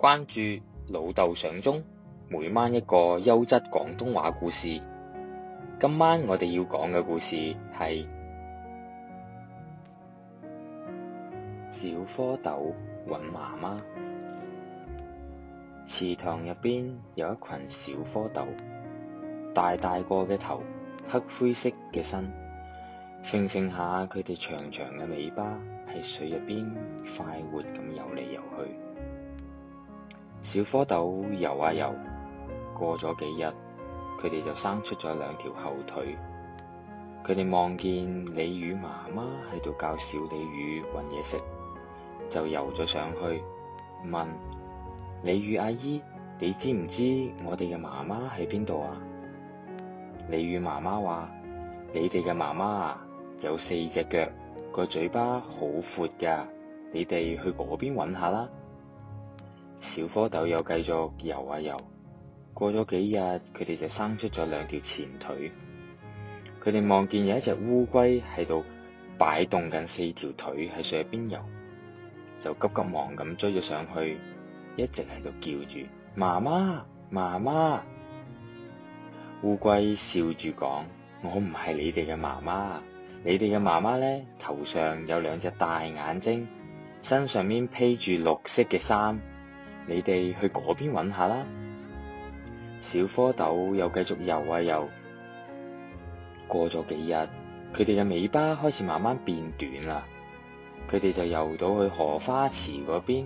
關注老豆上中，每晚一個優質廣東話故事。今晚我哋要講嘅故事係小蝌蚪揾媽媽。池塘入邊有一群小蝌蚪，大大個嘅頭，黑灰色嘅身，揈揈下佢哋長長嘅尾巴，喺水入邊快活咁游嚟游去。小蝌蚪游啊游，過咗幾日，佢哋就生出咗兩條後腿。佢哋望見鯉魚媽媽喺度教小鯉魚揾嘢食，就游咗上去問：鯉魚阿姨，你知唔知我哋嘅媽媽喺邊度啊？鯉魚媽媽話：你哋嘅媽媽啊，有四隻腳，個嘴巴好闊㗎，你哋去嗰邊揾下啦。小蝌蚪又繼續游啊游，過咗幾日，佢哋就生出咗兩條前腿。佢哋望見有一隻烏龜喺度擺動緊四條腿喺水邊游，就急急忙咁追咗上去，一直喺度叫住媽媽，媽媽。烏龜笑住講：我唔係你哋嘅媽媽，你哋嘅媽媽咧頭上有兩隻大眼睛，身上面披住綠色嘅衫。你哋去嗰邊揾下啦，小蝌蚪又繼續游啊游。過咗幾日，佢哋嘅尾巴開始慢慢變短啦，佢哋就游到去荷花池嗰邊，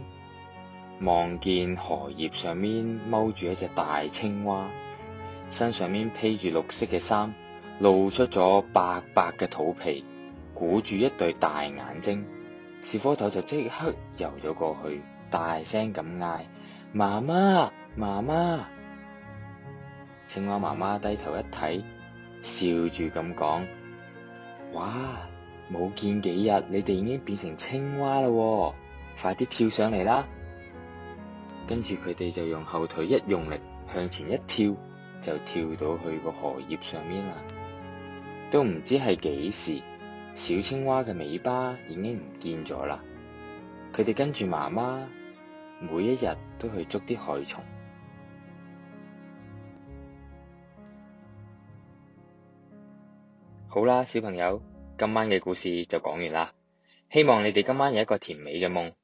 望見荷葉上面踎住一隻大青蛙，身上面披住綠色嘅衫，露出咗白白嘅肚皮，鼓住一對大眼睛，小蝌蚪就即刻游咗過去。大聲咁嗌：媽媽，媽媽！青蛙媽媽低頭一睇，笑住咁講：哇，冇見幾日，你哋已經變成青蛙啦！快啲跳上嚟啦！跟住佢哋就用後腿一用力向前一跳，就跳到去個荷葉上面啦。都唔知係幾時，小青蛙嘅尾巴已經唔見咗啦。佢哋跟住媽媽，每一日都去捉啲害蟲。好啦，小朋友，今晚嘅故事就講完啦。希望你哋今晚有一個甜美嘅夢。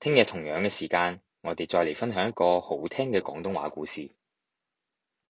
聽日同樣嘅時間，我哋再嚟分享一個好聽嘅廣東話故事。